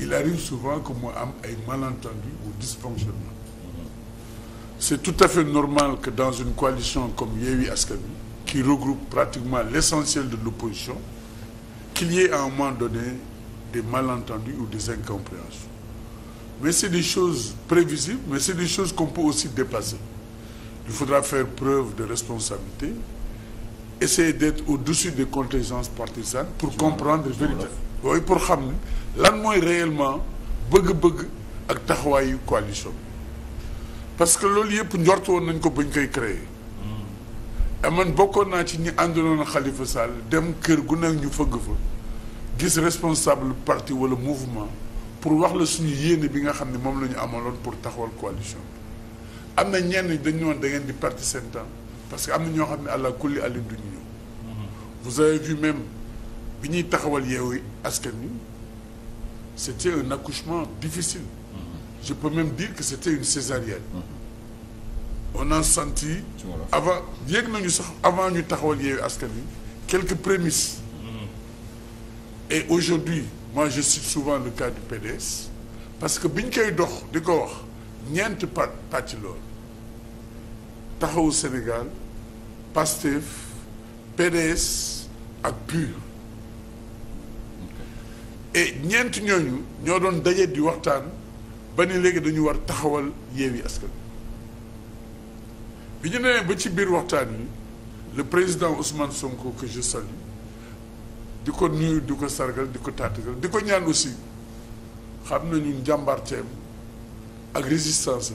il arrive souvent que mu am ay malentendu ou dysfonctionnement c'est tout à fait normal que dans une coalition comme Yewwi Askan Wi qui regroupe pratiquement l'essentiel de l'opposition qu'il y ait en un moment donné des malentendus ou des incompréhensions mais c'est des choses prévisibles mais c'est des choses qu'on peut aussi dépasser il faudra faire preuve de responsabilité essayer d'être au-dessus des contingences partisanes pour comprendre véritablement yooyu pour xam ni lan mooy réellement bëgg-bëgg ak taxawaayu coalition bi parce que loolu yëpp njort woon nañ ko buñ koy créer aman bokkoon naa ci ñi ànduloon xalifa Sall dem kër gu nekk ñu fëgg fa gis responsable parti wala mouvement pour wax la suñu yéene bi nga xam ne moom la ñu amaloon pour taxawal coalition bi am na ñenn dañu woon da ngeen di perte seen parce que am na ñoo xam ne àlla kulli alin ñu ñëw bi ñuy taxawal yeewu askan wi c'était un accouchement difficile mm-hmm. je peux même dire que c'était une césarienne mm-hmm. on a senti avant yéeg nañu sax avant ñu taxawal yeewu askan wi quelques prémices mm-hmm. et aujourd'hui moi je cite souvent le cas du PDS parce que bi ñu koy dox di ko wax ñeent pàcc pàcc lool taxawu Sénégal Pastef PDS ak PUR ñeenti ñeent ñooñu ñoo doon daje di waxtaan ba ni léegi dañu war taxawal Yewwi Askan bi ñu nee ba ci biir waxtaan yi le président Ousmane Sonko que je salue di ko nuyu di ko sargal di ko taatagal di ko ñaan aussi xam nañu njàmbaarteem ak résistance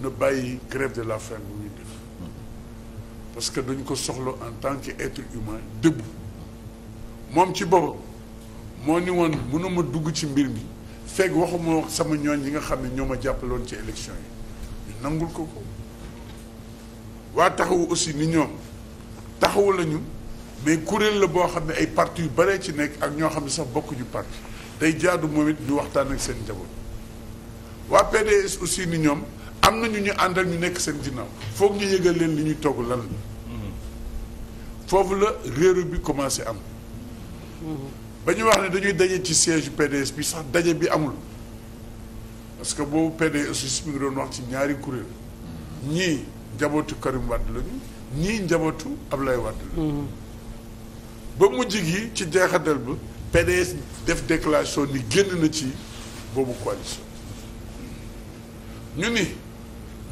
na bàyyi grève de la faim bu ñuy def parce que dañu ko soxla en tant que être humain debout moom ci boppam. moo ni woon mënuma dugg ci mbir mi fekk waxuma wax sama ñooñ yi nga xam ne ñoo ma jàppaloon ci élection yi ñu nangul ko ko waa taxawu aussi ni ñoom taxawu lañu mais kuréel la boo xam ne ay parti yu baree ci nekk ak ñoo xam ne sax ñu parti day jaadu moom it ñu waxtaan ak seen njaboot waa PDS aussi ni ñoom am na ñu ñu àndal ñu nekk seen ginnaaw foog ñu leen li ñuy togg la mm-hmm. foofu la réeru bi commencé am. Mm-hmm. ba ñu wax ne dañuy daje ci siège PDS bi sax daje bi amul parce que boobu PDS su mi ngi doon wax ci ñaari kuréel ñii njabootu Karim Wade lañu ñii njabootu Ablaye Wade lañu mm-hmm. ba mujj gi ci jeexatal ba PDS def déclaration ni génn na ci boobu coalition ñu ni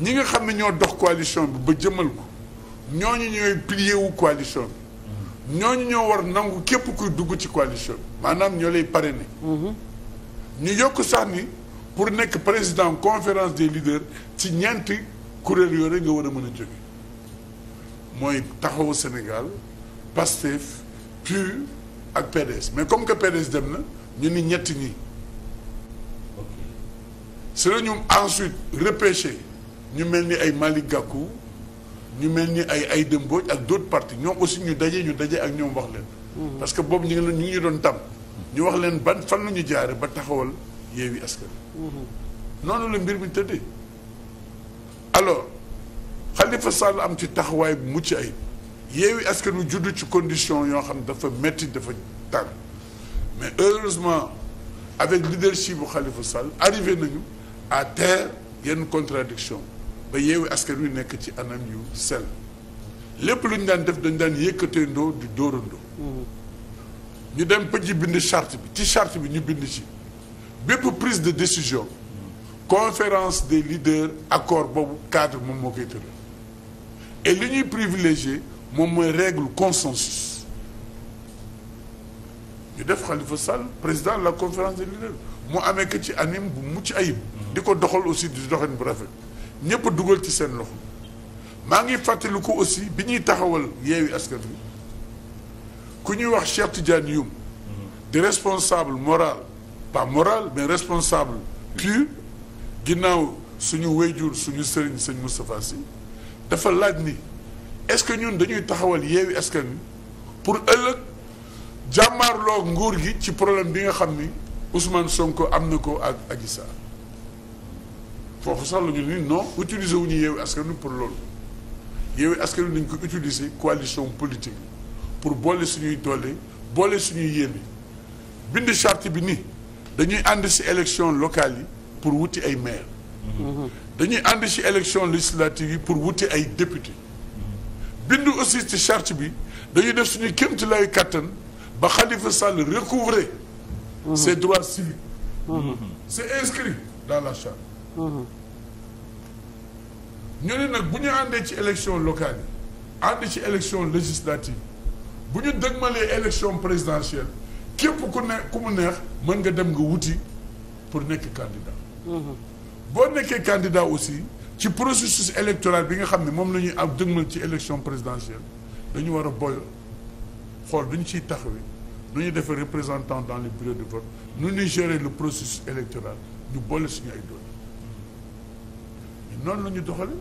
ñi nga xam ne ñoo dox coalition bi ba jëmmal ko ñooñu ñooy pilier wu coalition bi ñooñu ñoo war nangu képp kuy dugg ci coalition maanaam ñoo lay parrainé mhm. ñu yokk sax ni pour nekk président conférence des leaders ci ñeenti kuréel yooyu rek nga war a mën a jóge mooy taxawu Sénégal PASTEF PUR ak PDS mais comme que PDS dem na ñu ni ñetti nii si la ñu ensuite repêché ñu mel ni ay mali gàkku ñu mel ni ay ay dëmbooj ak d'autres partis ñoo aussi ñu daje ñu daje ak ñoom wax leen. Mhm. parce que boobu ñu ngi leen ngi doon tam. ñu wax leen ban fan la ñu jaare ba taxawal Yewwi Askan Wi. Mhm. noonu la mbir mi tëddee. alors Khalifa Sall am ci taxawaay bu mucc ayib Yewwi Askan Wi judd ci condition yoo xam dafa metti dafa tar mais heureusement avec leadership bu Khalifa Sall arrivé nañu à terre yenn contradiction ba yeewi askan wi nekk ci anam yu sell lépp lu ñu daan def dañ daan yëkkateendoo di dóorandoo ñu dem pëj bind charte bi ci charte bi ñu bind ci bépp prise de décision conférence des leaders accord boobu cadre moom moo koy tëral et li ñuy privilégié moom mooy règle consensus ñu def Khalifa Sall président la conférence des leaders mu amee que ci anim bu mucc ayib di ko doxal aussi di doxin bu rafet ñëpp dugal ci seen loxo maa ngi fàttaliku aussi bi ñuy taxawal yeewi askan wi ku ñuy wax Cheikh Tidiane Youm di responsable moral pas moral mais responsable pur ginnaaw suñu wéyjur suñu sëriñ sëñ Moustapha Sy dafa laaj ni est-ce que ñun dañuy taxawal yeewi askan wi pour ëllëg jàmmaarloo nguur gi ci problème bi nga xam ni Ousmane Sonko am na ko ak Adji foofu sax la ñu ni non utiliser wu ñu Yewwi Askan Wi pour loolu Yewwi Askan Wi nañ ko utiliser coalition politique pour boole suñuy doole boole suñuy yéene bind charte bi ni dañuy ànd ci élection locale yi pour wuti ay maire mhm. dañuy ànd ci élection législative yi pour wuti ay député bind aussi ci charte bi dañuy def suñu kémti lay kàttan ba Khalifa Sall recouvrer mhm. ses droits civiques mhm. c'est inscrit dans la charte Mm-hmm. ñu ne nag bu ñu àndee ci élection locale yi ànd ci élection législative bu ñu dëgmalee élection présidentielle képp ku ne ku mu neex mën nga dem nga wuti pour nekk candidat mm-hmm. boo nekkee candidat aussi ci processus électoral bi nga xam ne moom la ñuy am dëgmal ci élection présidentielle dañu war a boy xool du ñu ciy taxawee nu ñuy defee représentant dans le bureaux de vote nu ñuy gérer le processus électoral ñu boole suñu ay doole noonu la ñu doxale